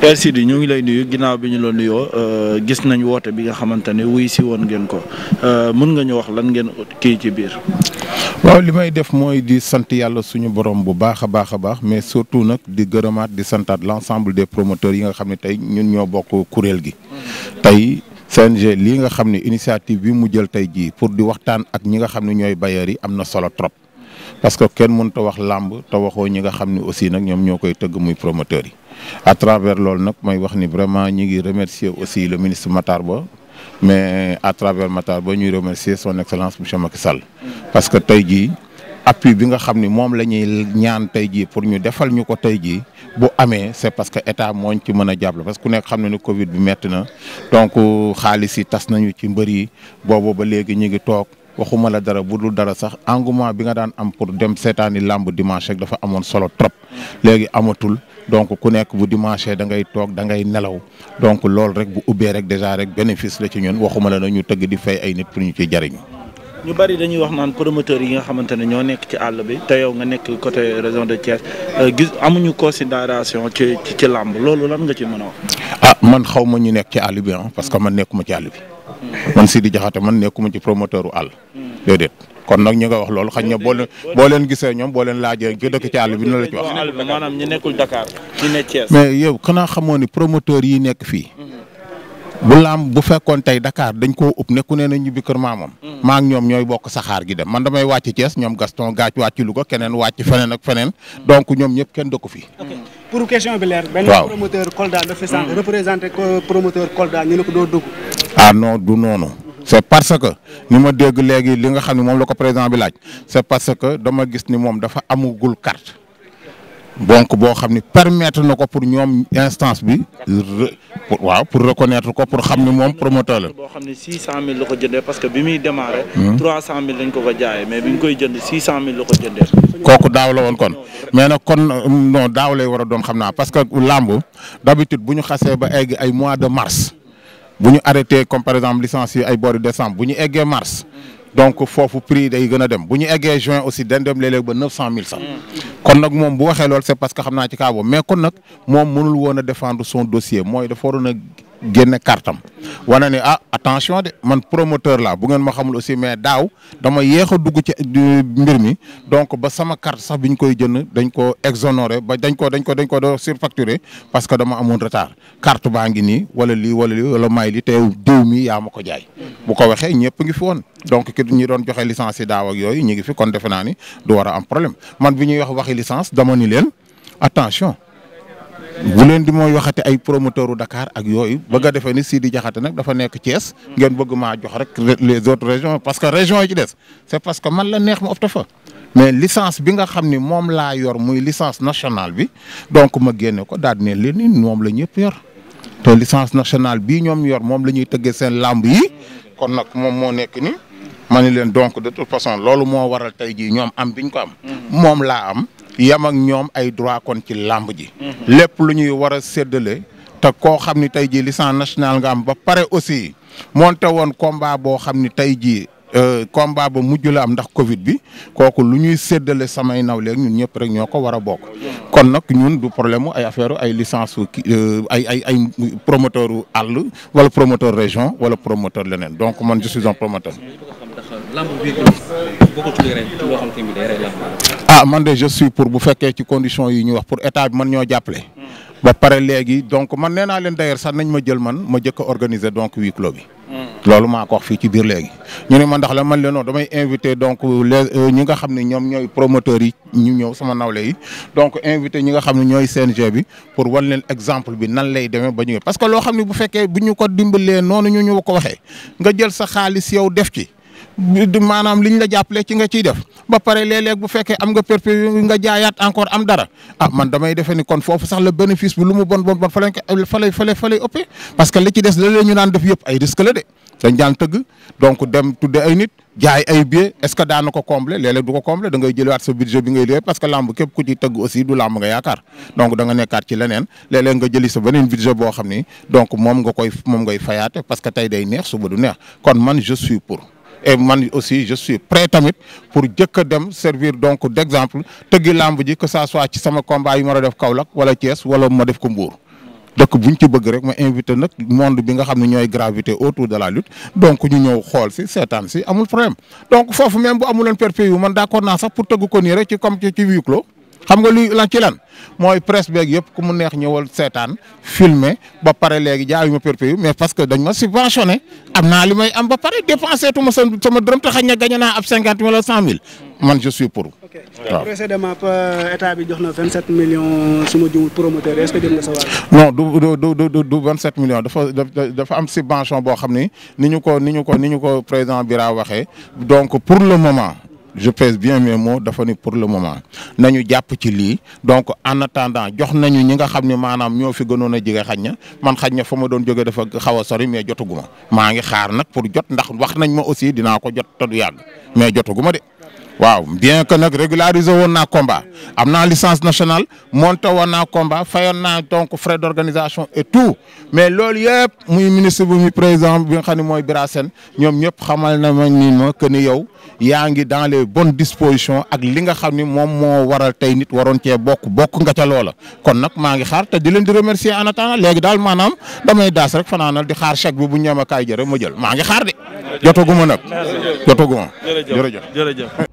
Père Sidi ñu ngi lay nuyu ginnaaw bi ñu la nuyoo euh, gis nañ woote bi nga xamante ne wuy si woon ngeen ko euh, mën nga ñu wax lan ngeen kii ci biir. waaw li may def mooy di sant yàlla suñu borom bu baax a baax a baax mais surtout nag di gërëmaat di santaat l' ensemble des promoteurs yi nga xam ne tey ñun ñoo bokk kuréel gi. tey CNG lii nga xam ne initiative bi mu jël tey jii pour di waxtaan ak ñi nga xam ne ñooy bailleurs yi am na solo trop. parce que kenn mënut a wax làmb ta waxoo ñi nga xam ne aussi nag ñoom ñoo koy tëgg muy promoteur yi à travers lool nag may wax ni vraiment ñi ngi aussi le ministre Matar Ba mais à travers Matar Ba ñuy remercier son excellence monsieur Macky sal parce que tey jii appui bi nga xam ni moom la ñuy ñaan tey jii pour ñu defal ñu ko tey jii bu amee c'est parce que état mooñ ci mën a jàppale parce que ku nekk xam na ni Covid bi metti na donc xaalis yi tas nañu ci mbër yi boobu ba léegi ñu ngi toog. waxuma la dara bu dul dara sax engouement bi nga daan am pour dem seetaani làmb dimanche dafa amoon solo trop léegi amatul donc ku nekk bu dimanche dangay toog da ngay nelaw donc loolu rek bu ubbee rek déjà rek bénéfice la ci ñun waxuma la na ñu tëgg di fay ay nit pour ñu ci jariñu ñu bari dañuy wax naan promoteurs yi nga xamante ne ñoo nekk ci àll bi te yow nga nekk côté région de Thiès euh, gis amuñu considération ci ci làmb loolu lan nga ci mën a wax. man xaw ma ñu nekk ci àll bi ah parce que man nekkuma ci àll bi man Sidi Diakhaté man nekkuma ci promoteur u àll déedéet kon nag ñu nga wax loolu xañ na boo leen boo leen gisee ñoom boo leen laajee ci dëkk ci àll bi dina la ci wax. maanaam ñu nekkul Dakar mais yow xanaa xamoo ni promoteur yi nekk fii. bu laam bu fekkoon tey Dakar dañ koo ëpp nekku nee na ñibbi kër maamam. maa ak ñoom ñooy bokk saxaar gi dem man da may wàcc cees ñoom Gaston gaaj wàcc Louga keneen wàcc feneen ak feneen. Hmm. donc ñoom ñëpp kenn dëkku fi. pour question bi leer. benn promoteur Kolda dafa sànq mm. représenté promoteur Kolda ñu ne ko doo dugg. ah non du noonu. c'est parce que ni ma dégg léegi li nga xam ne moom la ko président bi laaj c'est parce que dama gis ni moom dafa amugul carte donc boo xam ni permettre na ko pour ñoom instance bi. waaw pour reconnaître ko pour xam ni moom promoteur la. boo xam ne 600000 la ko jëndee parce que bi muy démarré. 300000 hmm. lañ ko ko jaayee mais bi ñu koy jënd 600000 la ko jëndee. kooku daaw la woon kon. mais nag kon non daaw lay wara a doon xam na parce que làmb d'habitude bu ñu xasee ba egg ay mois de mars bu ñu arrêté comme par exemple licence yi ay boori décembre bu ñu eggee mars donc foofu prix day gën a dem bu ñu eggee juin aussi dañ dem léeg ba neuf cent mille sax kon nag moom bu waxee loolu c'est parce que xam naa ci cas boobu mais kon nag moom mënul woon a défendre son dossier mooy dafa waroon a génne kartam wane ne ah attention de man promoteur la bu ngeen ma xamul aussi mais daaw dama yéex a dugg ci mbir mi donc ba sama carte sax bi ñu koy jënd dañ ko exonéré ba dañ ko dañ ko dañ ko do surfacturé parce que dama amoon retard carte baa ngi ni wala li wala lii wala may li te diw mi yaa ma ko jaay bu ko waxee ñëpp ngi fi woon donc ki ñi doon joxe licence yi daaw ak yooyu ñu ngi fi kon defe naa ni du war a problème man bi ñuy wax waxi licence dama ni leen attention bu leen di mooy waxati ay promoteur u Dakar ak yooyu bëgg a defee ni Sidi Diakhaté nag dafa nekk Thiès ngeen bëgg maa jox rek les autres régions parce que région yi ci des c'est parce que man la neex ma opté fa mais licence bi nga xam ni moom laa yor muy licence nationale bi donc ma génne ko daal di ne leen ni moom la ñëpp yor te licence nationale bii ñoom yor moom la ñuy tëggee seen làmb yi kon nag moom moo nekk ni ma ni leen donc de toute façon loolu moo waral tey jii ñoom am biñ ko am moom laa am yam ak ñoom ay droit kon ci làmb ji. lépp lu ñuy war a séddale. te koo xam ni tey jii licence nationale nga am ba pare aussi monté woon combat boo xam ni tey jii euh, combat ba mujj la am ndax Covid bi kooku lu ñuy séddale samay naw nawleeg ñun ñëpp rek ñoo ko war a bokk. kon nag ñun du problème ay affaire ay licence su euh, ay ay ay promoteur àll wala promoteur région wala promoteur leneen donc man je suis promoteur. ah man de je pour bu fekkee ci condition yi ñu wax pour état bi man ñoo jàppale. Hmm. ba pare léegi donc man nee naa leen d'ailleurs sax nañ ma jël man ma jëkk a organiser donc huis clos hmm. loolu maa ko wax fii ci biir léegi. ñu ne ma ndax la man leen damay invité donc les euh, ñi nga xam ne ñoom ñooy promoteurs yi ñu ñëw sama nawle yi donc invité ñi nga xam ne ñooy CNG bi pour wan leen exemple bi nan lay demee ba ñu parce que loo xam ne bu fekkee bu ñu ko dimbalee noonu ñu ñu ko waxee nga jël sa xaalis yow def ci. maanaam liñ la jàppale ci nga ciy def ba pare léeg bu fekkee am nga perpé nga jaayaat encore am dara a ah man damay defee ni kon foofu sax la bénéfice bi lu mu bon bon bon fa lañ ko fa lay fa lay fa lay parce que li ci des la ñu naan def yëpp ay risque la de dem tudde ay nit jaay ay billets est-ce ko combler léeg ko combler da ngay jëliwaat bi ngay liggéey parce que lamb képp ku ci tëgg aussi du lamb nga yaakaar donc da nga nekkaat ci leneen léeg-léeg nga jëli sa beneen budget boo xam ni donc moom nga koy moom ngay fayaate parce que tey day neex suba du neex kon man je suis pour et man aussi je suis prêt tamit pour jëkk dem servir donc d' exemple tëggi làmb ji que ça soit ci sama combat yi ma a def Kaolack wala cees wala ma def ko Mbour. dëkk buñ ci bëgg rek ma invité nag monde bi nga xam ne ñooy gravité autour de la lutte donc ñu ñëw xool si seetaan si amul problème donc foofu même bu amuloon perpé yu man d' sax pour tëgg ko ci comme ci huis clos xam nga luy la ci mooy presse beeg yëpp ku mu neex ñëwal seetaan filmer ba pare léegi jaay ma mais parce que dañ ma subventionné am na li may am ba pare dépensé tu ma sama te xañ na gañe naa ab cinquante mille cent mille man je suis pour. ok waaw précédemment état bi jox na vingt sept millions su ma jiwul promoteur est du du du du du vingt sept millions dafa dafa am subvention boo xam ni ni ñu ko ni ñu ko ni ñu ko président Bira waxee donc pour le moment. je pèse bien mes moo dafa ni pour le moment nañu jàpp ci lii donc en attendant jox nañu ñi nga xam ne maanaam ñoo fi gënoon a jege xaj na man xaj na fa ma doon jóge dafa xaw a sori mais jotaguma maa ngi xaar nag pour jot ndax wax nañ ma aussi dinaa ko jot te du yàgg mais jotaguma de. waaw bien que nag régulariser woon naa combat am naa licence nationale monté woon naa combat fayoon naa donc frais d' et tout mais loolu yëpp muy ministre bu muy président bi nga xam ne mooy Bira Sène ñoom ñëpp xamal na ma ni ma que ni yow yaa ngi dans les bonnes disposition ak li nga xam ni moom moo waral tey nit waroon cee bokk bokk nga ca loola. kon nag maa ngi xaar te di leen di remercier en attendant léegi daal maanaam damay daas rek fanaanal di xaar chèque bi bu ñëwee ma kaay jërë ma jël maa ngi xaar de. jotaguma nag jotaguma jërëjëf jërëjëf